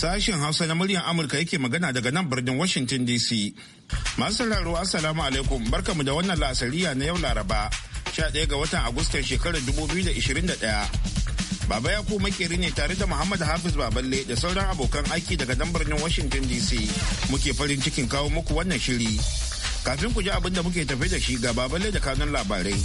Sashen Hausa na muryar Amurka yake magana daga nan birnin Washington DC. Masu sauraro Assalamu alaikum barkamu da wannan lasariya na yau Laraba 11 ga watan Agustan shekarar 2021. Baba Yaku makeri ne tare da Muhammad Hafiz Baballe da sauran abokan aiki daga nan birnin Washington DC muke farin cikin kawo muku wannan shiri. Kafin ku ji abin da muke tafe da shi ga Baballe da kanun labarai.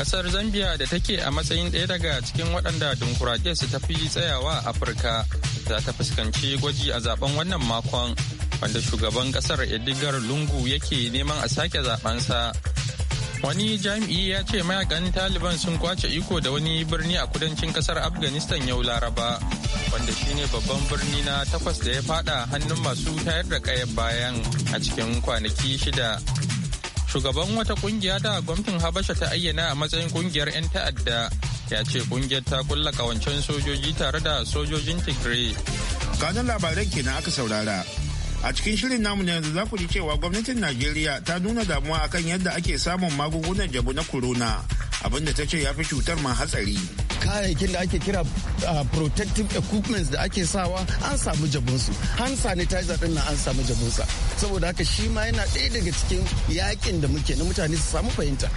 kasar zambia da take a matsayin ɗaya daga cikin waɗanda dimokuraɗiyya su tafi tsayawa a afirka zata ta fuskanci gwaji a zaben wannan makon wanda shugaban kasar edgar lungu yake neman a sake zabansa wani jami'i ya ce mayakan taliban sun kwace iko da wani birni a kudancin kasar afghanistan yau laraba wanda shine babban birni na takwas da ya fada hannun masu tayar da kayan bayan a cikin kwanaki shida shugaban wata kungiya da gwamnatin habasha ta ayyana a matsayin kungiyar 'yan ta'adda ya ce kungiyar ta kulla kawancen sojoji tare da sojojin tigray kanun labaran kenan aka saurara a cikin shirin namu na yanzu za ku ji cewa gwamnatin najeriya ta nuna damuwa akan yadda ake samun magungunan jabu na corona abinda ta ce ya fi cutar ma hatsari kayayyakin da ake kira protective equipments da ake sawa an samu jabinsu hand sanitizer din nan an samu jabunsa saboda haka shi ma yana ɗaya daga cikin yakin da muke na mutane su samu fahimta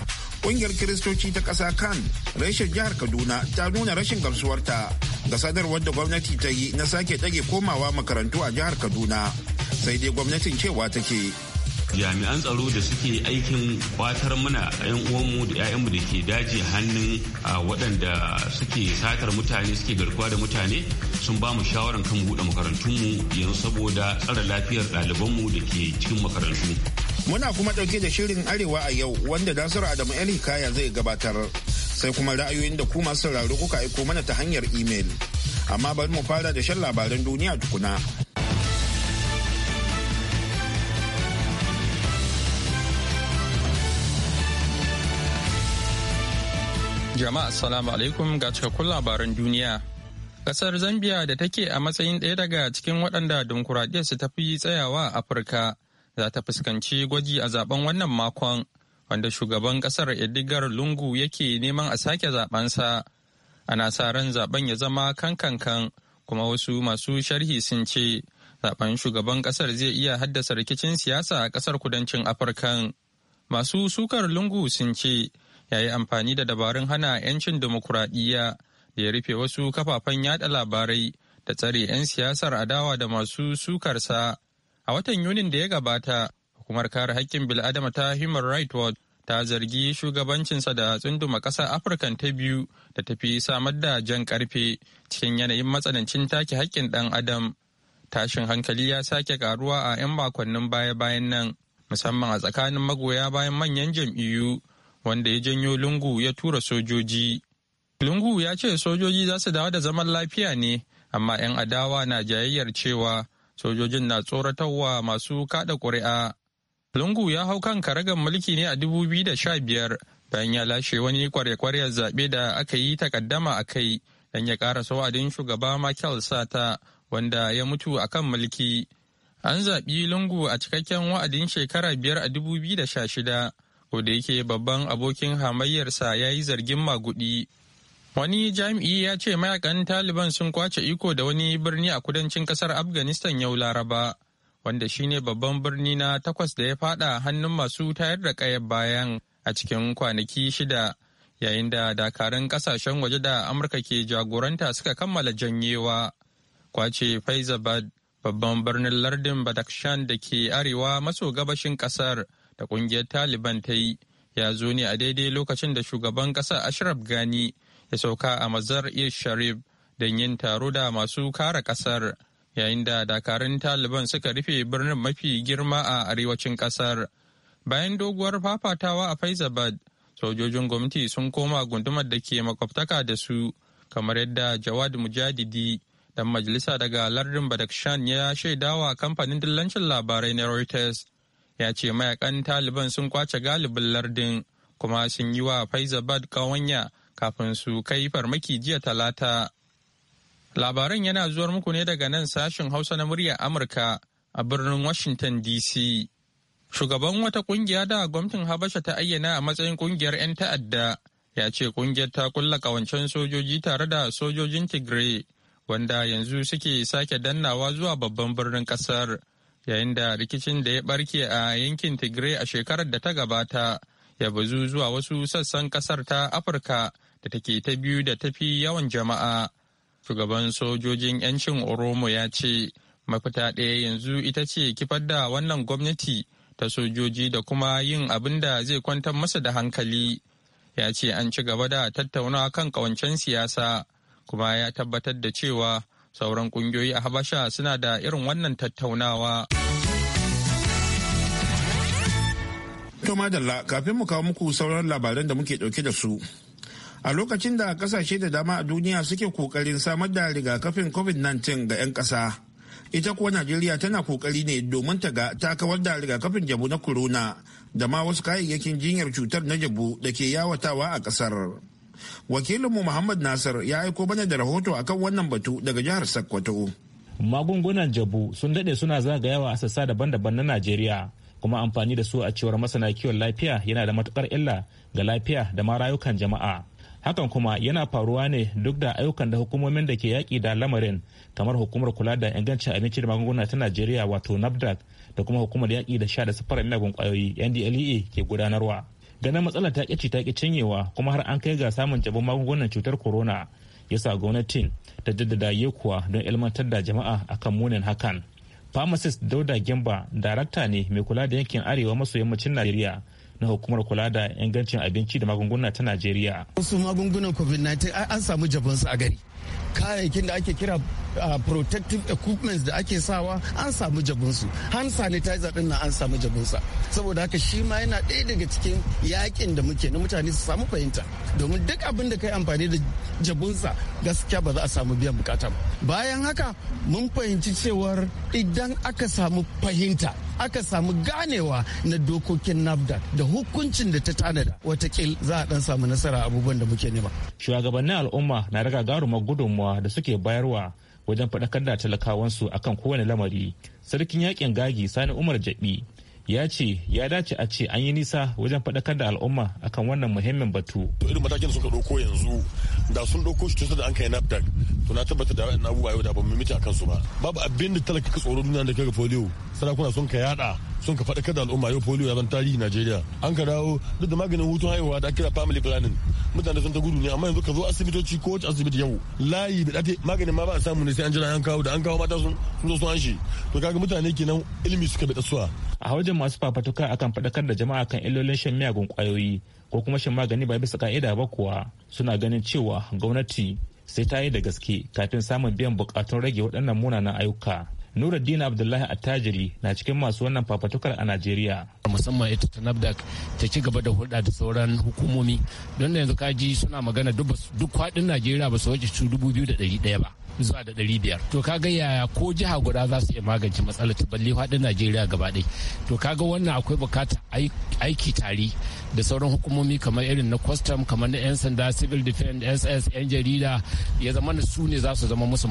Kungiyar Kiristoci ta ƙasa kan reshen jihar Kaduna ta nuna rashin gamsuwarta ga sadarwar da gwamnati ta yi na sake ɗage komawa makarantu a jihar Kaduna. Sai dai gwamnatin cewa take jami'an tsaro da suke aikin kwatar mana 'yan uwanmu da 'ya'yanmu da ke daji hannun waɗanda suke satar mutane suke garkuwa da mutane sun ba mu shawaran kan buɗe makarantunmu yanzu saboda tsara lafiyar ɗalibanmu da ke cikin makarantu. Muna kuma ɗauke da shirin Arewa a yau wanda dasar Adamu El Hikaya zai gabatar. Sai kuma ra'ayoyin da kuma masu sauraro kuka aiko mana ta hanyar imel. Amma bari mu fara da shan labaran duniya tukuna. Jama'a salamu alaikum ga cikakkun labaran duniya. Kasar Zambia da take a matsayin ɗaya daga cikin waɗanda dimokuraɗiyarsu ta fi tsayawa a Afirka za ta fuskanci gwaji a zaben wannan makon wanda shugaban kasar edgar lungu yake neman a sake zabensa ana sa ran zaben ya zama kankankan kuma wasu masu sharhi sun ce zaben shugaban kasar zai iya haddasa rikicin siyasa a kasar kudancin afirka masu sukar lungu sun ce ya yi amfani da dabarun hana 'yancin dimokuraɗiyya da ya rufe wasu kafafen yada labarai da tsare 'yan siyasar adawa da masu sukarsa A watan Yunin da ya gabata, hukumar kare haƙƙin bil'adama ta Human Rights Watch ta zargi shugabancinsa da tsunduma ƙasar Afirka ta biyu da tafi samar da jan ƙarfe cikin yanayin matsanancin take haƙƙin ɗan adam. Tashin hankali ya sake ƙaruwa a 'yan makonnin baya-bayan nan, musamman a tsakanin magoya bayan manyan jam'iyyu, wanda ya janyo lungu ya tura sojoji. Lungu ya ce sojoji za su dawo da zaman lafiya ne, amma 'yan adawa na jayayyar cewa sojojin na tsoratarwa masu kada ƙuri'a. Lungu ya hau kan karagar mulki ne a 2015 bayan ya lashe wani kware-kwaryar zaɓe da aka yi takaddama a kai don ya ƙara sawadin shugaba Michael Sata wanda ya mutu a kan mulki. An zaɓi Lungu a cikakken wa'adin shekara biyar a 2016, ko da yake babban abokin hamayyarsa ya yi zargin maguɗi. Wani jami'i ya ce mayakan Taliban sun kwace iko da wani birni a kudancin kasar Afghanistan yau Laraba, wanda shine babban birni na takwas da ya fada hannun masu tayar da kayan bayan a cikin kwanaki shida, yayin da dakarun kasashen waje da Amurka ke jagoranta suka kammala janyewa. Kwace Faizabad, babban birnin lardin Badakhshan da ke arewa maso gabashin kasar da kungiyar Taliban ta yi, ya zo ne a daidai lokacin da shugaban kasar Ashraf Ghani ya sauka a mazar iya sharif don yin taro da masu kare kasar yayin da dakarun taliban suka rufe birnin mafi girma a arewacin kasar bayan doguwar fafatawa a faizabad sojojin gwamnati sun koma gundumar da ke makwabtaka da su kamar yadda jawad mujadidi dan majalisa daga lardin badakshan ya shaidawa kamfanin dillancin labarai na reuters ya ce mayakan taliban sun kwace galibin lardin kuma sun yi wa faizabad kawanya kafin su kai farmaki jiya talata. Labaran yana zuwar muku ne daga nan sashen Hausa na murya Amurka a birnin Washington DC. Shugaban wata kungiya da gwamnatin Habasha ta ayyana a matsayin kungiyar 'yan ta'adda ya ce kungiyar ta kulla kawancen sojoji tare da sojojin Tigray wanda yanzu suke sake dannawa zuwa babban birnin kasar yayin da rikicin da ya barke a yankin Tigray a shekarar da ta gabata ya bazu zuwa wasu sassan kasar ta Afirka da take ta biyu da tafi yawan jama'a shugaban sojojin 'yancin oromo ya ce mafita ɗaya yanzu ita ce kifar da wannan gwamnati ta sojoji da kuma yin abin da zai kwantar masa da hankali ya ce an ci gaba da tattaunawa kan ƙawancen siyasa kuma ya tabbatar da cewa sauran ƙungiyoyi a habasha suna da irin wannan tattaunawa. To kafin mu kawo muku sauran labaran da muke dauke da su a lokacin da kasashe da dama a duniya suke kokarin samar da rigakafin covid-19 ga 'yan ƙasa ita kuwa najeriya tana kokari ne domin ta ga ta kawar da rigakafin jabu na corona da ma wasu kayayyakin jinyar cutar na jabu da ke yawatawa a ƙasar wakilinmu muhammad nasir ya aiko bana da rahoto akan wannan batu daga jihar sokoto magungunan jabu sun dade suna zagayawa a sassa daban-daban na najeriya kuma amfani da su a cewar masana kiwon lafiya yana da matukar illa ga lafiya da ma rayukan jama'a hakan kuma yana faruwa ne duk da ayyukan da hukumomin da ke yaƙi da lamarin kamar hukumar kula da ingancin abinci da magunguna ta najeriya wato nafdac da kuma hukumar yaƙi da sha da safarar miyagun ƙwayoyi ndlea ke gudanarwa ganin matsalar ta ƙici ta ƙi cinyewa kuma har an kai ga samun jabin magungunan cutar corona yasa gwamnatin ta jaddada yekuwa don ilmantar da jama'a akan munin hakan pharmacist dauda Gimba darakta ne mai kula da yankin arewa maso yammacin najeriya na hukumar kula da ingancin abinci da magunguna ta najeriya wasu magungunan covid-19 an samu su a gari kayayyakin da ake kira Uh, protective equipments da ake sawa an samu jabinsu hand sanitizer din nan an samu jabinsa saboda haka shi ma yana ɗaya daga cikin yakin da muke na mutane su samu fahimta domin duk abin da kai amfani da jabinsa gaskiya ba za a samu biyan bukata ba bayan haka mun fahimci cewar idan aka samu fahimta aka samu ganewa na dokokin nafda da hukuncin da ta tanada watakil za a dan samu nasara abubuwan da muke nema shugabannin al'umma na daga garu gudunmuwa da suke bayarwa wajen faɗakar da talakawansu akan kowane lamari sarkin yakin gagi sani umar jabi ya ce ya dace a ce an yi nisa wajen faɗakar da al'umma akan wannan muhimmin batu. irin matakin da suka ɗauko yanzu da sun ɗauko shi tun da an kai nafdak to na tabbata da wa'in abubuwa yau da ba mimiti mita kansu ba babu abin da talaka ka tsoro duniya da kaga polio sarakuna sun ka yada sun ka faɗakar da al'umma yau polio ya zan tarihi najeriya an ka dawo duk da maganin hutun haihuwa da kira family planning mutane sun ta gudu ne amma yanzu ka zo asibitoci ko wace asibiti yau layi da ɗate maganin ma ba a samu ne sai an jira an kawo da an kawo mata sun zo sun an shi to kaga mutane kenan ilimi suka bi tsuwa a hawajin masu fafatuka akan faɗakar da jama'a kan illolin shan miyagun kwayoyi ko kuma shan magani ba bisa ka'ida ba kuwa suna ganin cewa gwamnati sai ta yi da gaske kafin samun biyan bukatun rage waɗannan munanan ayyuka Nuruddin Abdullahi Attajiri na cikin masu wannan fafatukar a Najeriya. Musamman ita ta NAFDAC ta ci gaba da hulɗa da sauran hukumomi don da yanzu kaji suna magana duk kwaɗin Najeriya ba su wace su dubu biyu da ɗari ɗaya ba. zuwa da ɗari biyar to kaga yaya ko jiha guda za su iya magance matsalar ta balle faɗin najeriya gaba ɗaya to kaga wannan akwai bukata aiki tare da sauran hukumomi kamar irin na custom kamar na 'yan sanda civil defense ss 'yan jarida ya zama na su ne za su zama musu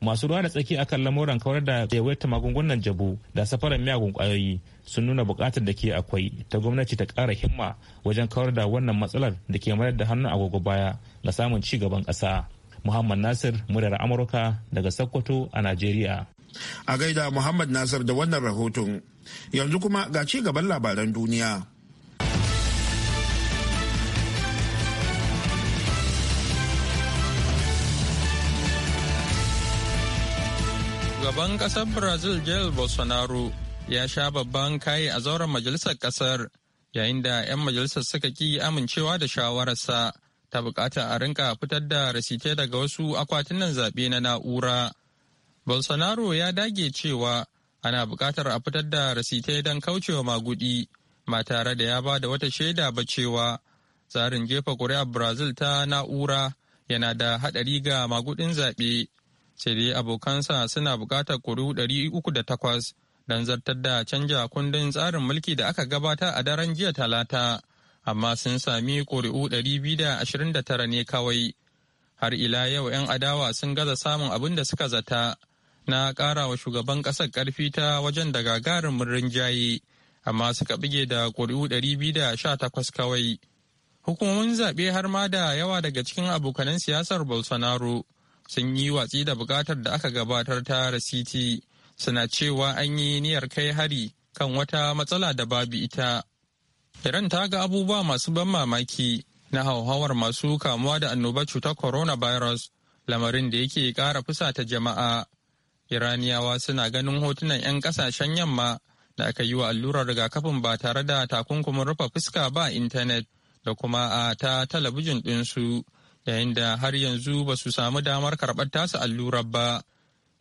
masu ruwa da tsaki akan lamuran kawar da yawaitar magungunan jabu da safaran miyagun kwayoyi sun nuna bukatar da ke akwai ta gwamnati ta kara himma wajen kawar da wannan matsalar da ke mayar da hannun agogo baya ga samun ci gaban ƙasa muhammad nasir muryar amurka daga sokoto a najeriya a gaida muhammad nasir da wannan rahoton yanzu kuma ga ci gaban labaran duniya Shugaban ƙasar Brazil Jair Bolsonaro ya sha babban kayi a zauren majalisar ƙasar yayin da 'yan majalisar suka ki amincewa da shawararsa ta bukata a rinka fitar da rasite daga wasu akwatunan zaɓe na na'ura. Bolsonaro ya dage cewa ana bukatar a fitar da rasite don kaucewa magudi ma tare da ya ba da wata shaida ba cewa tsarin jefa kuri'ar Brazil ta na'ura yana da haɗari ga magudin zaɓe. sai dai abokansa suna bukatar kuri'u 308 don zartar da canja kundin tsarin mulki da aka gabata a daren jiya talata amma sun sami kuri'u 229 ne kawai har ila yau 'yan adawa sun gaza samun abin da suka zata na kara wa shugaban kasar karfi ta wajen da murrin rinjaye amma suka bige da sha 218 kawai. Hukumomin zaɓe har ma da yawa daga cikin abokanan siyasar Bolsonaro sun yi watsi da bukatar da aka gabatar ta rasiti suna cewa an yi niyyar kai hari kan wata matsala da babu ita. Iran ta ga abubuwa masu ban mamaki na hauhawar masu kamuwa da annobar cutar coronavirus lamarin da yake ƙara fusata jama'a. Iraniyawa suna ganin hotunan 'yan kasashen yamma da aka yi wa allurar rigakafin ba tare da takunkumin rufe fuska ba intanet da kuma a ta talabijin ɗinsu yayin da har yanzu ba su samu damar karɓar tasu allurar ba.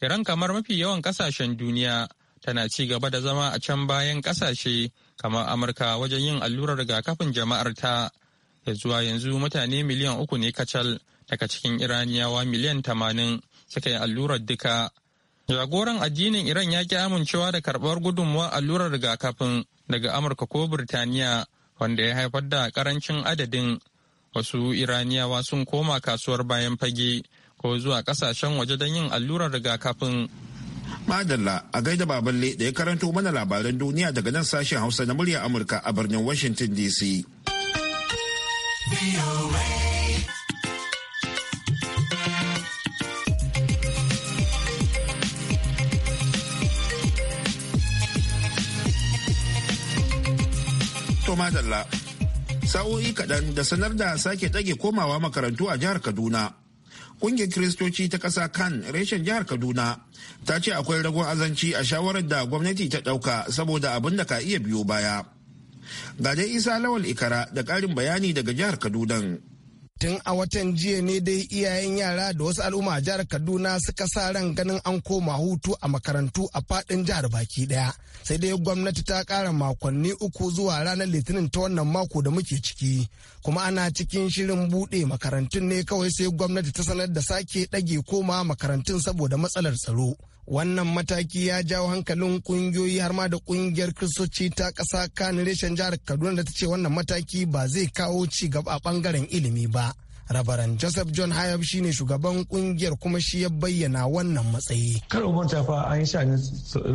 Iran kamar mafi yawan ƙasashen duniya tana ci gaba da zama a can bayan ƙasashe kamar Amurka wajen yin allurar rigakafin jama'ar ta. yanzu zuwa yanzu mutane miliyan uku ne kacal daga cikin Iraniyawa miliyan tamanin suka yi allurar duka. Jagoran addinin Iran ya ki amincewa da karɓar gudunmuwar allurar rigakafin daga Amurka ko Birtaniya wanda ya haifar da ƙarancin adadin wasu iraniyawa sun koma kasuwar bayan fage ko zuwa kasashen waje don yin allurar rigakafin madalla a gaida baballe da ya karanto mana labaran duniya daga nan sashen hausa na murya amurka a birnin washington dc sa'o'i kaɗan da sanar da sake ɗage komawa makarantu a jihar kaduna ƙungiyar kiristoci ta ƙasa kan reshen jihar kaduna ta ce akwai ragon azanci a shawarar da gwamnati ta ɗauka saboda abin da ka iya biyo baya ga dai isa lawal ikara da ƙarin bayani daga jihar kaduna tun a watan jiya ne dai iyayen yara da wasu al'umma a jihar kaduna suka sa ran ganin an koma hutu a makarantu a fadin jihar baki daya sai dai gwamnati ta kara makonni uku zuwa ranar litinin ta wannan mako da muke ciki kuma ana cikin shirin bude makarantun ne kawai sai gwamnati ta sanar da sake dage koma makarantun saboda matsalar tsaro wannan mataki ya jawo hankalin kungiyoyi har ma da kungiyar kristoci ta ƙasa kan reshen jihar kaduna da ta ce wannan mataki ba zai kawo ci gaba a ɓangaren ilimi ba rabaran joseph john hayab shine shugaban kungiyar kuma shi ya bayyana wannan matsayi kar manta fa an yi sha'anin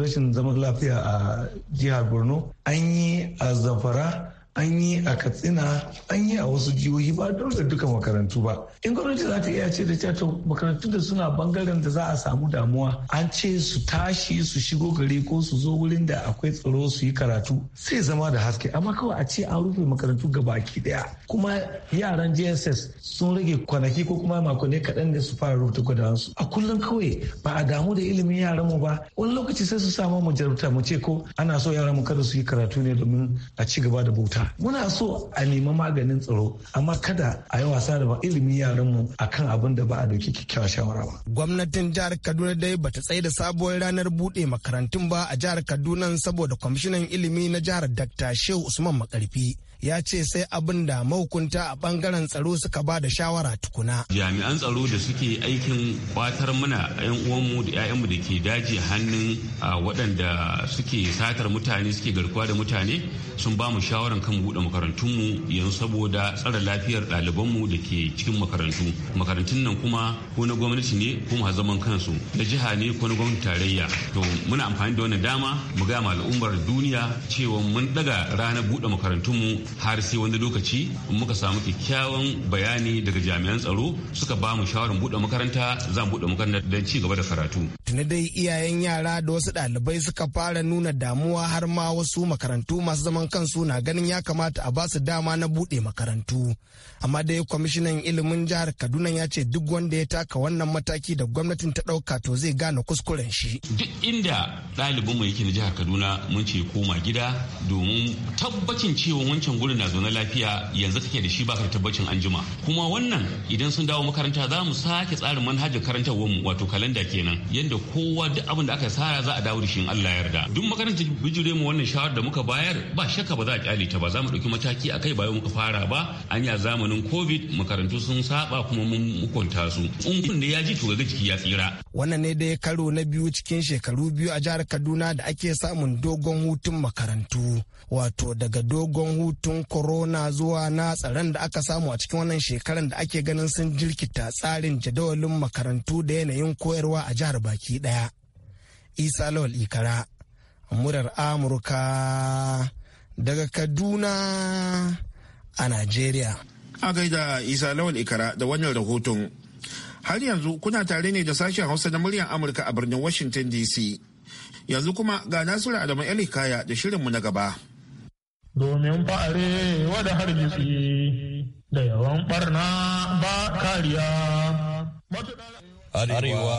rashin zaman lafiya a jihar borno an yi a zamfara an yi a katsina an yi a wasu jihohi ba don da duka makarantu ba in gwamnati za ta iya ce da ta makarantu da suna bangaren da za a samu damuwa an ce su tashi su shigo gari ko su zo wurin da akwai tsaro su yi karatu sai zama da haske amma kawai a ce an rufe makarantu gabaki daya kuma yaran jss sun rage kwanaki ko kuma makonni kaɗan da su fara rubuta gwadawansu a kullum kawai ba a damu da ilimin yaran mu ba wani lokaci sai su samu mu jarabta mu ce ko ana so yaran mu kada su yi karatu ne domin a ci gaba da bauta muna so a nemi maganin tsaro amma kada a yi wasa da ilimin yaranmu akan abin da ba a dauki kyakkyawar shawara ba gwamnatin jihar kaduna dai bata tsaye da sabuwar ranar buɗe makarantun ba a jihar kaduna saboda kwamishinan ilimi na jihar dakta shehu usman makarfi ya ce sai abin da mahukunta a bangaren tsaro suka ba da shawara tukuna. Jami'an tsaro da suke aikin kwatar muna 'yan uwanmu da 'ya'yanmu da ke daji hannun waɗanda suke satar mutane suke garkuwa da mutane sun ba mu shawaran kan buɗe makarantunmu yanzu saboda tsara lafiyar ɗalibanmu da ke cikin makarantu. Makarantun nan kuma ko na gwamnati ne ko ma zaman kansu na jiha ne ko na gwamnati tarayya. To muna amfani da wannan dama mu ga ma al'ummar duniya cewa mun ɗaga ranar buɗe makarantunmu har sai wani lokaci muka samu kyakkyawan bayani daga jami'an tsaro suka ba mu shawarar buɗe makaranta zan buɗe makaranta don ci gaba da karatu. Tuni dai iyayen yara da wasu ɗalibai suka fara nuna damuwa har ma wasu makarantu masu zaman kansu na ganin ya kamata a ba su dama na buɗe makarantu. Amma dai kwamishinan ilimin jihar Kaduna ya ce duk wanda ya taka wannan mataki da gwamnatin ta ɗauka to zai gane kuskuren shi. Duk inda ɗalibinmu yake na jihar Kaduna mun ce koma gida domin tabbacin cewa wancan gudun na zaune lafiya yanzu kake da shi baka da tabbacin anjima kuma wannan idan sun dawo makaranta za mu sake tsarin manhajar karantarwar mu wato kalanda kenan yadda kowa duk abin da aka sara za a dawo da shi in Allah ya yarda duk makarantar bijire mu wannan shawar da muka bayar ba shakka ba za a kyale ta ba za mu dauki mataki akai bayan muka fara ba anya zamanin covid makarantu sun saba kuma mun hukunta su in ne ya ji to ga jiki ya tsira wannan ne dai karo na biyu cikin shekaru biyu a jihar Kaduna da ake samun dogon hutun makarantu wato daga dogon hutu tun corona zuwa na tsaron da aka samu a cikin wannan shekaran da ake ganin sun jirkita tsarin jadawalin makarantu da yanayin koyarwa a jihar baki daya. Isa Lawal Ikara, murar Amurka daga Kaduna a Najeriya. A gaida Isa Lawal Ikara da wannan rahoton. Har yanzu kuna tare ne da sashen Hausa na muryar Amurka a birnin Washington DC. Yanzu kuma ga Nasiru Adamu Elikaya da shirinmu na gaba. domin fa'are da hargitsi da yawan barna ba kariya. Arewa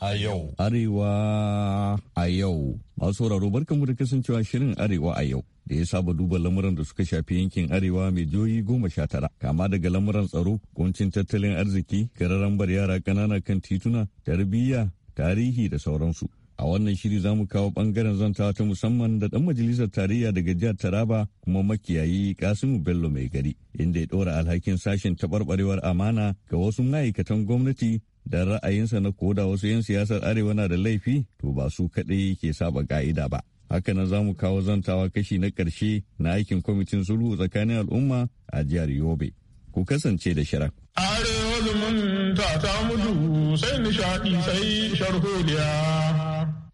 a yau. Arewa a yau. Masu barkanmu da kasancewa shirin Arewa a yau. da ya saba duba lamuran da suka shafi yankin arewa mai jihohi goma sha tara kama daga lamuran tsaro kuncin tattalin arziki kararan bar yara ƙanana kan tituna tarbiyya tarihi da sauransu A wannan shiri za mu kawo bangaren zantawa ta musamman da dan majalisar tarayya daga jihar Taraba kuma makiyayi Kasimu Bello mai gari, inda ya dora alhakin sashen taɓarɓarewar amana ga wasu ma'aikatan gwamnati da ra'ayinsa na koda wasu 'yan siyasar arewa na da laifi to ba su kaɗai ke saba ka'ida ba. haka na za mu kawo zantawa kashi na ƙarshe na aikin kwamitin sulhu tsakanin al'umma a jihar Yobe. Ku kasance da shirin. Arewa zumunta ta mutu sai nishaɗi sai sharholiya.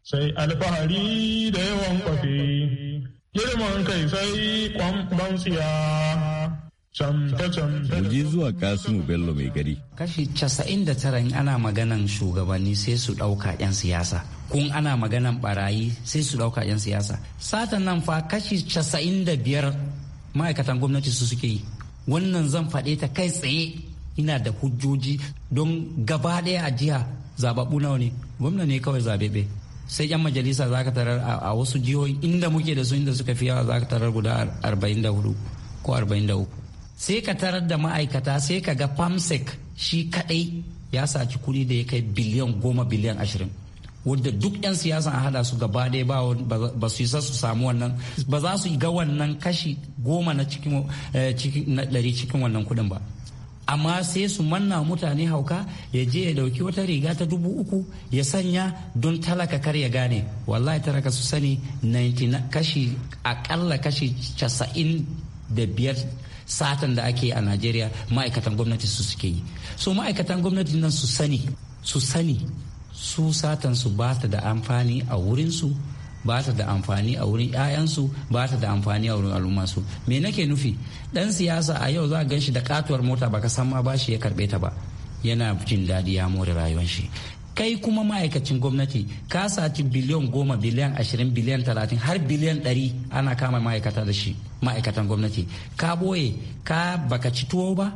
sai alfahari da yawan kwafi girman kai sai kwamban Muje zuwa Kasimu Bello mai gari. Kashi casa'in da tara in ana maganan shugabanni sai su ɗauka 'yan siyasa. Kun ana maganan barayi sai su ɗauka 'yan siyasa. Satan nan fa kashi casa'in da biyar ma'aikatan gwamnati su suke yi. Wannan zan faɗe ta kai tsaye ina da hujjoji don gaba ɗaya a jiha zababu nawa ne. Gwamna ne kawai zabebe. sai yan majalisa za ka tarar a wasu jihohi inda muke da su inda suka fi yawa za ka tarar guda 44 ko 43 sai ka tarar da ma'aikata sai ka ga famsec shi kadai ya saci kuɗi da ya kai biliyan goma biliyan ashirin wadda duk 'yan siyasa an hada su gaba ɗaya ba su isa su samu wannan ba za su ga wannan kashi goma na cikin eh, ɗari cikin wannan kuɗin ba amma sai su manna mutane hauka ya je ya dauki wata riga ta dubu uku ya sanya don talaka kar ya gane wallahi talaka su sani kashi akalla kashi casa'in da biyar satan da ake a najeriya ma'aikatan gwamnati su suke yi so ma'aikatan gwamnati nan su sani su sani su satan su ba ta da amfani a wurinsu ba ta da amfani a wurin 'ya'yansu ba ta da amfani a wurin al'ummarsu me nake nufi dan siyasa a yau za a ganshi da katuwar mota baka san ma ba shi ya karbe ta ba yana jin daɗi ya more rayuwar shi kai kuma ma'aikacin gwamnati ka saci biliyan goma biliyan ashirin biliyan talatin har biliyan ɗari ana kama ma'aikata da shi ma'aikatan gwamnati ka boye ka baka ci tuwo ba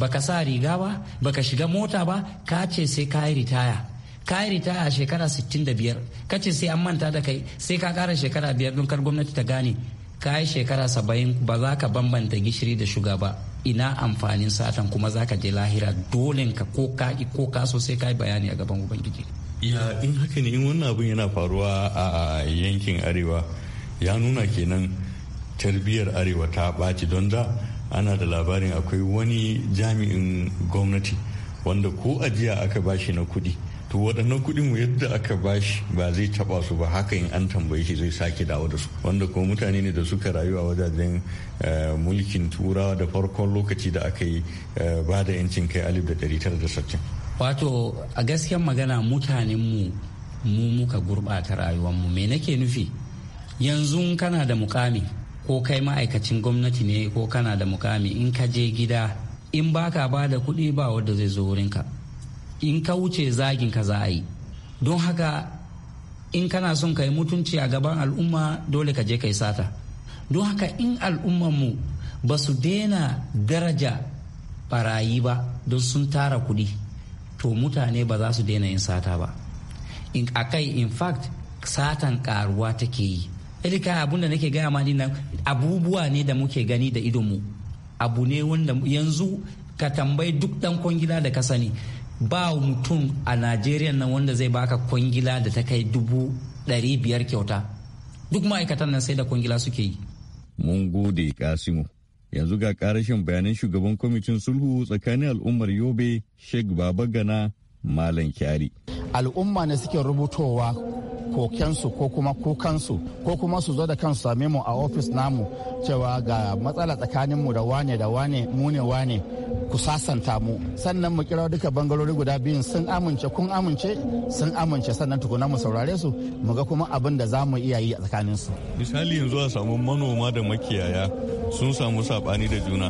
baka sa riga ba baka shiga mota ba ka ce sai ka yi ritaya ka yi ritaya a shekara 65 kace sai an manta da kai sai ka kara shekara biyar don kar gwamnati ta gane ka yi shekara saba'in ba za ka bambanta gishiri da shuga ba ina amfanin satan kuma za ka je lahira dole ka ko ka ko ka so sai ka yi bayani a gaban ubangiji ya in haka ne in wannan abin yana faruwa a yankin arewa ya nuna kenan tarbiyyar arewa ta ɓaci don da ana da labarin akwai wani jami'in gwamnati wanda ko ajiya aka bashi na kuɗi to waɗannan kuɗin mu yadda aka bashi ba zai taɓa su ba haka in an tambaye shi zai sake dawo da su wanda kuma mutane ne da suka rayu a wajajen eh, mulkin turawa da farkon lokaci da aka yi eh, ba da yancin kai alif da ɗari tara da sittin. wato a gaskiyar magana mutanen mu mu muka gurɓata rayuwar mu me nake nufi yanzu kana da mukami ko kai ma'aikacin gwamnati ne ko kana da mukami in ka je gida in baka ba da kuɗi ba wanda zai zo wurinka in ka wuce zagin ka za a yi don haka in kana son ka yi mutunci a gaban al'umma dole ka je ka yi sata don haka in al'ummanmu ba su daina daraja barayi ba don sun tara kuɗi to mutane ba za su daina yin sata ba in akai in fact satan karuwa take yi ilika abun da nake gaya mani na abubuwa ne da muke gani da idonmu abu ne wanda yanzu ka tambayi duk dan kwangila da ka sani ba mutum a najeriya nan wanda zai baka kwangila da ta kai dubu ɗari biyar kyauta duk ma'aikatan nan sai da kwangila suke yi mun gode kasimu yanzu ga karashin bayanan shugaban kwamitin sulhu tsakanin al'ummar yobe sheikh babagana malam kyari al'umma ne suke rubutowa kokensu ko kuma kukansu ko kuma su zo da kansu same mu a ofis namu cewa ga matsala tsakaninmu da wane da wane mu ne wane ku sasanta mu sannan mu kira duka bangarori guda biyun sun amince kun amince sun amince sannan tukuna mu saurare su mu ga kuma abin da za mu iya yi a tsakanin su misali yanzu a samu manoma da makiyaya sun samu sabani da juna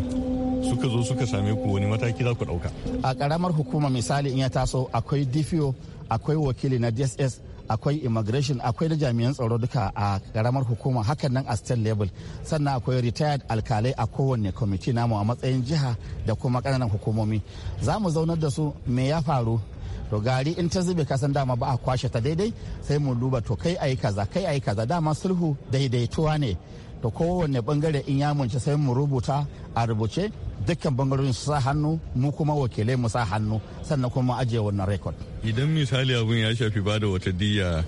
suka zo suka same ku wani mataki za ku dauka a karamar hukuma misali in ya taso akwai dfo akwai wakili na dss akwai immigration akwai da jami'an tsaro duka a karamar hukuma hakan nan a state level sannan akwai retired alkalai a kowanne kwamiti namu a matsayin jiha da kuma kananan hukumomi za mu zaunar da su me ya faru to gari in ta zube kasan dama ba a kwashe ta daidai sai mu duba to kai ayi kaza kai ayi kaza dama sulhu daidaituwa ne to kowanne bangare in ya munce sai mu rubuta a rubuce dukkan bangarorin su sa hannu mu kuma wakilai mu sa hannu sannan kuma ajiye wannan rekod idan misali abin ya shafi bada wata diya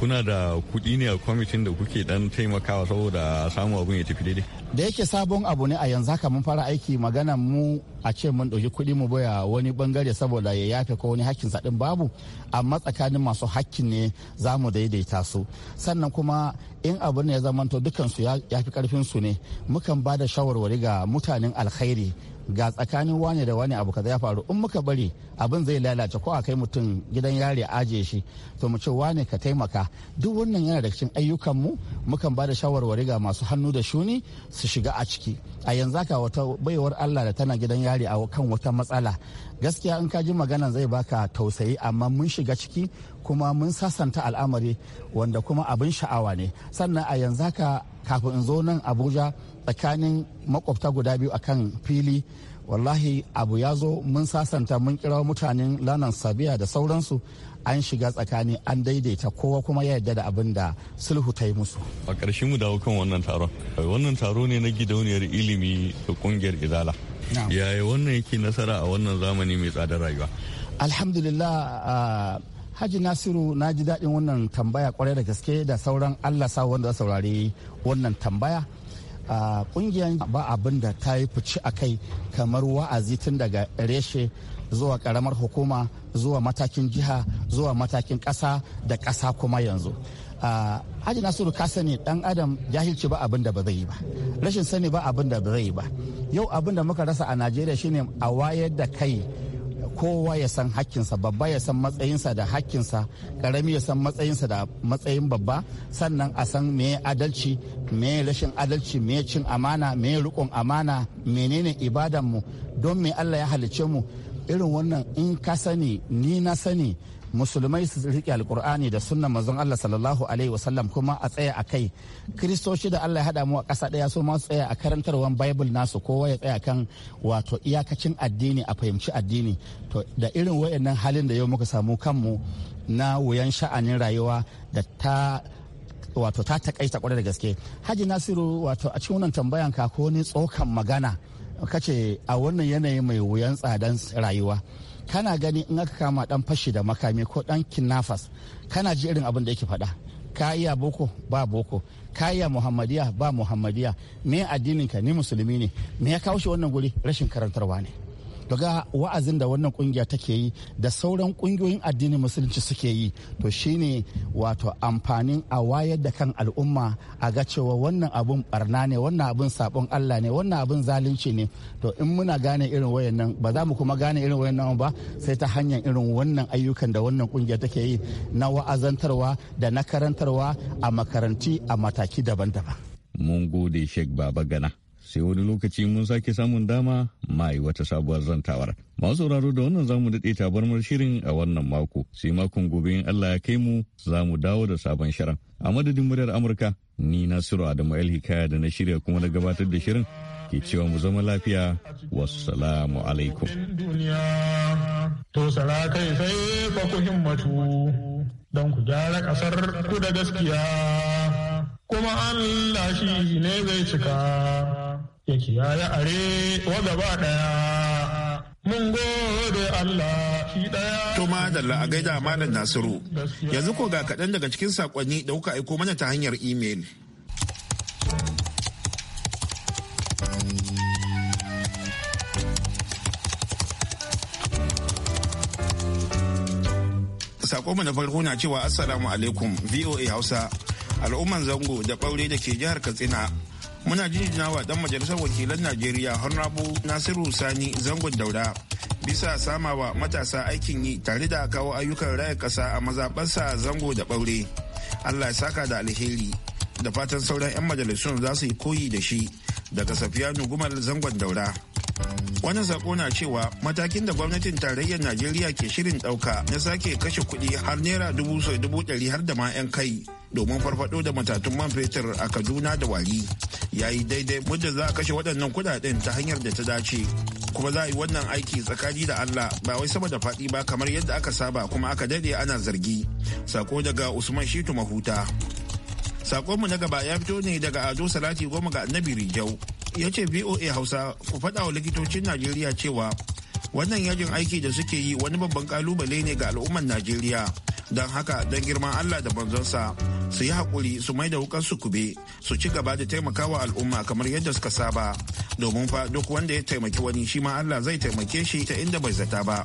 kuna da kuɗi ne a kwamitin da kuke dan taimakawa saboda samu abun ya tafi daidai da yake sabon abu ne a yanzu haka mun fara aiki magana mu a ce mun ɗauki kuɗi mu baya wani bangare saboda ya yafe ko wani hakkin sa din babu amma tsakanin masu hakkin ne za mu daidaita su sannan kuma in abu ne ya zamanto dukansu ya fi karfin su ne mukan ba da shawarwari ga mutanen alkhairi ga tsakanin wane da wani abu kaza ya faru in muka bari abin zai lalace ko a kai mutum gidan yare ajiye shi to mu ce wane ka taimaka duk wannan yana da cikin ayyukan mu mukan ba da shawarwari ga masu hannu da shuni su shiga a ciki a yanzu haka wata baiwar Allah da tana gidan yari a kan wata matsala gaskiya in ka ji magana zai baka tausayi amma mun shiga ciki kuma mun sasanta al'amari wanda kuma abin sha'awa ne sannan a yanzu ka kafin in zo nan Abuja tsakanin makwabta guda biyu a kan fili wallahi abu ya zo mun sasanta mun kira mutanen lanan sabiya da sauransu an shiga tsakani an daidaita kowa kuma ya yarda da abin da sulhu ta yi musu a ƙarshe mu dawo kan wannan taron wannan taro ne na gidauniyar ilimi da ƙungiyar izala yaya wannan yake nasara a wannan zamani mai tsadar rayuwa alhamdulillah Haji Nasiru na ji daɗin wannan tambaya kwarai da gaske da sauran Allah sa wanda saurari wannan tambaya a kungiyar ba abin da ta yi fice a kai kamar wa'azi tun daga reshe zuwa karamar hukuma zuwa matakin jiha zuwa matakin ƙasa da ƙasa kuma yanzu Uh, Haji Nasiru ka sani dan adam jahilci ba abin da ba zai yi ba rashin sani ba abin da ba zai yi ba yau abin da muka rasa a Najeriya shine a wayar da kai kowa ya san hakkinsa babba ya san matsayinsa da hakkinsa karami ya san matsayinsa da matsayin babba sannan a san me adalci me rashin adalci me cin amana me rikon amana menene ibadanmu don me Allah ya halice mu irin wannan in ka sani ni na sani musulmai su riƙe alkur'ani da sunnan manzon Allah sallallahu alaihi wasallam kuma a tsaya a kai kiristoci da Allah ya haɗa mu a ƙasa ɗaya su ma su tsaya a karantarwar bible nasu kowa ya tsaya kan wato iyakacin addini a fahimci addini to da irin wayannan halin da yau muka samu kanmu na wuyan sha'anin rayuwa da ta wato ta takaita kwarai da gaske haji nasiru wato a cikin wannan tambayan ka ko ni tsokan magana kace a wannan yanayi mai wuyan tsadan rayuwa kana gani in aka kama dan fashi da makami ko dan kinnafas kana ji irin abin da yake faɗa ka iya boko ba boko ka iya muhammadiya ba muhammadiya me addinin ka ni musulmi ne me ya kawo shi wannan guri rashin karantarwa ne to ga wa'azin da wannan kungiya take yi da sauran kungiyoyin addinin musulunci suke yi to shine wato amfanin a wayar da kan al'umma a ga cewa wannan abun barna ne wannan abun sabon Allah ne wannan abun zalunci ne to in muna gane irin wayannan ba za mu kuma gane irin wayannan ba sai ta hanyar irin wannan ayyukan da wannan kungiya take yi na wa'azantarwa da na karantarwa a makaranti a mataki daban-daban mun gode Sheikh Baba Gana sai wani lokaci mun sake samun dama mai wata sabuwar zantawar. Masu sauraro da wannan zamu daɗe tabarmar shirin a wannan mako, sai makon gobe in Allah ya kai mu za mu dawo da sabon shirin. A madadin muryar Amurka, ni Nasiru Adamu El Hikaya da na shirya kuma na gabatar da shirin ke cewa mu zama lafiya, wassalamu alaikum. To sai fa ku himmatu don ku gyara ƙasar ku da gaskiya. Kuma Allah shi ne zai cika. yake ya yi are wa gaba daya mun gode Allah shi daya To madalla a gaida malam Nasiru yanzu ko ga kaɗan daga cikin sakonni da kuka aiko mana ta hanyar imel. sakonmu na farko na cewa assalamu alaikum voa hausa al'umman zango da ɓaure da ke jihar katsina muna jinjina wa dan majalisar wakilan najeriya honorable nasiru sani zangon daura bisa samawa matasa aikin yi tare da kawo ayyukan raya kasa a mazaɓarsa zango da ɓaure allah ya saka da alheri da fatan sauran 'yan majalisun za su yi koyi da shi daga safiya nugumar zangon daura wannan sako na cewa matakin da gwamnatin tarayyar najeriya ke shirin ɗauka na sake kashe kuɗi har naira dubu sau dubu ɗari har da ma 'yan kai domin farfaɗo da matatun man fetur a kaduna da wari ya yi daidai muddin za a kashe waɗannan kuɗaɗen ta hanyar da ta dace kuma za a yi wannan aiki tsakani da allah ba wai sama da faɗi ba kamar yadda aka saba kuma aka daɗe ana zargi sako daga usman shitu mahuta sakonmu na gaba ya fito ne daga ado salati goma ga annabi rijau ya ce voa hausa ku faɗa wa likitocin najeriya cewa wannan yajin aiki da suke yi wani babban kalubale ne ga al'ummar najeriya don haka don girman allah da manzonsa su yi haƙuri su mai da wukan su kube su ci gaba da taimakawa al'umma kamar yadda suka saba domin fa duk wanda ya taimaki wani shi ma allah zai taimake shi ta inda bai zata ba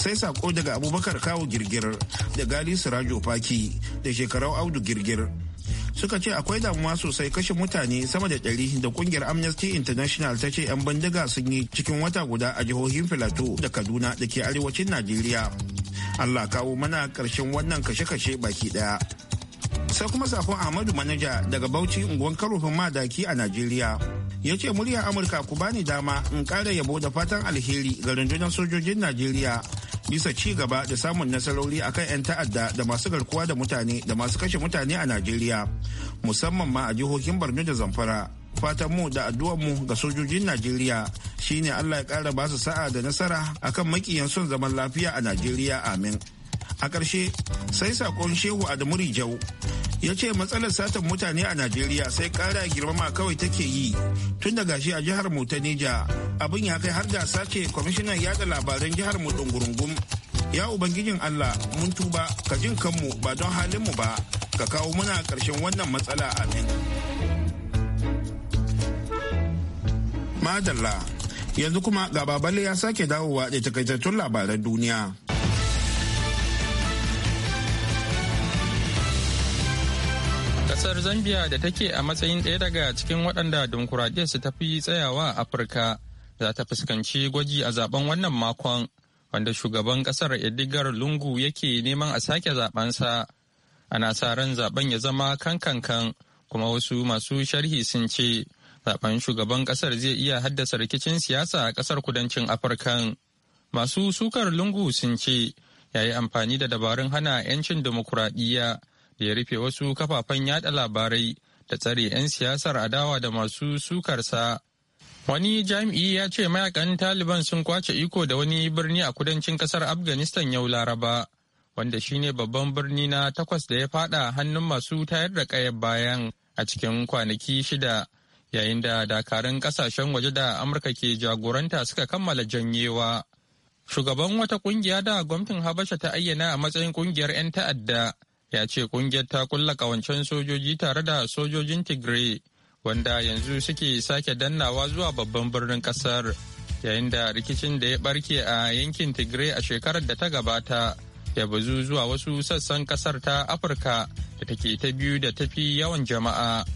sai sako daga abubakar kawo girgir da gali sirajo faki da shekarau audu girgir suka ce akwai damuwa sosai kashe mutane sama da ɗari da kungiyar amnesty international ta ce 'yan bindiga sun yi cikin wata guda a jihohin filato da kaduna da ke arewacin najeriya allah kawo mana ƙarshen wannan kashe-kashe baki ɗaya sai kuma safon ahmadu manaja daga bauchi unguwan karofin madaki a najeriya ya ce muryar amurka ku bani dama in ƙara yabo da fatan alheri ga rundunar sojojin najeriya bisa ci gaba da samun nasarori akan 'yan ta'adda da masu garkuwa da mutane da masu kashe mutane a Najeriya musamman ma a jihohin Borno da Zamfara. Fatan mu da addu'ar mu ga sojojin Najeriya shine Allah ya ƙara basu sa'a da nasara akan makiyan son zaman lafiya a Najeriya amin. A ƙarshe sai sakon Shehu Adamu Rijau ya ce matsalar satan mutane a najeriya sai kara girmama kawai take yi tun da gashi a jihar mu ta nija abin ya kai har da sace kwamishinan yada labaran jihar mu dungurungum ya ubangijin allah mun tuba ka jin kanmu ba don halin mu ba ka kawo muna karshen wannan matsala amin madalla yanzu kuma ga babale ya sake dawowa da takaitattun labaran duniya Kasar Zambia da take a matsayin ɗaya daga cikin waɗanda dimokuraɗiyar su tafi tsayawa a Afirka za ta fuskanci gwaji a zaben wannan makon wanda shugaban kasar Edgar Lungu yake neman a sake zabensa. Ana sa ran zaben ya zama kankankan kuma wasu masu sharhi sun ce zaben shugaban kasar zai iya haddasa rikicin siyasa a kasar kudancin afirka Masu sukar Lungu sun ce ya yi amfani da dabarun hana 'yancin dimokuraɗiyya ya rufe wasu kafafen yada labarai da tsare 'yan siyasar adawa da masu sukarsa. Wani jami'i ya ce mayakan Taliban sun kwace iko da wani birni a kudancin kasar Afghanistan yau Laraba, wanda shine babban birni na takwas da ya fada hannun masu tayar da kayan bayan a cikin kwanaki shida, yayin da dakarun kasashen waje da Amurka ke jagoranta suka kammala janyewa. Shugaban wata kungiya da gwamnatin Habasha ta ayyana a matsayin kungiyar 'yan ta'adda ya ce kungiyar ta kulla kawancen sojoji tare da sojojin tigray wanda yanzu suke sake dannawa zuwa babban birnin kasar yayin da rikicin da ya barke a yankin tigray a shekarar da ta gabata ya bazu zuwa wasu sassan kasar ta afirka da take ta biyu da tafi yawan jama'a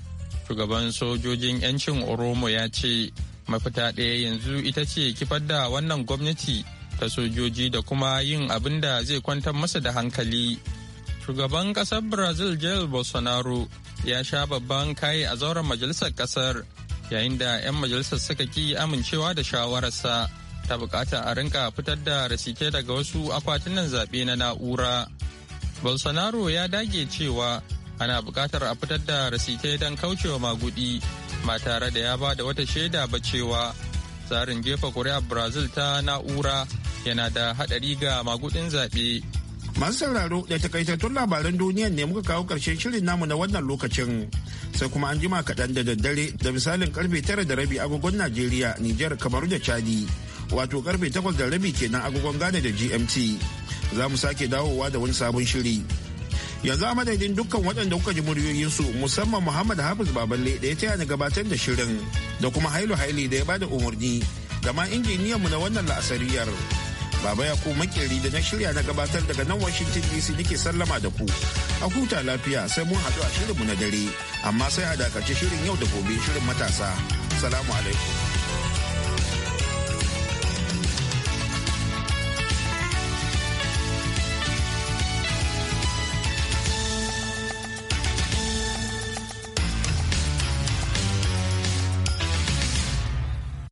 shugaban sojojin 'yancin oromo ya ce mafita ɗaya yanzu ita ce kifar da wannan gwamnati ta sojoji da kuma yin abin da zai kwantar masa da hankali Shugaban kasar Brazil Jair Bolsonaro ya sha babban kayi a zauren majalisar kasar yayin da 'yan majalisar suka ki amincewa da shawararsa ta bukata a rinka fitar da rasike daga wasu akwatunan zaɓe na na'ura. Bolsonaro ya dage cewa ana bukatar a fitar da rasike don kaucewa magudi ma tare da ya ba da wata shaida ba cewa tsarin jefa kuri'ar Brazil ta na'ura yana da haɗari ga magudin zaɓe. Masu sauraro da takaitattun labaran duniyar ne muka kawo karshen shirin namu na wannan lokacin. Sai kuma an jima kaɗan da daddare da misalin karfe tara da rabi agogon Najeriya, Nijar, Kamaru da Chadi. Wato karfe takwas da rabi kenan agogon Ghana da GMT. Za mu sake dawowa da wani sabon shiri. Yanzu a madadin dukkan waɗanda kuka ji muryoyinsu musamman Muhammad Hafiz Baballe da ya taya ni gabatar da shirin da kuma Hailu Haili da ya bada umarni gama ma injiniyanmu na wannan la'asariyar. Baba ya makeri da na shirya na gabatar daga nan Washington DC nake sallama da ku. A huta lafiya sai mun haɗu a shirinmu na dare, amma sai a dakace shirin yau da gobe shirin matasa. Salamu alaikum.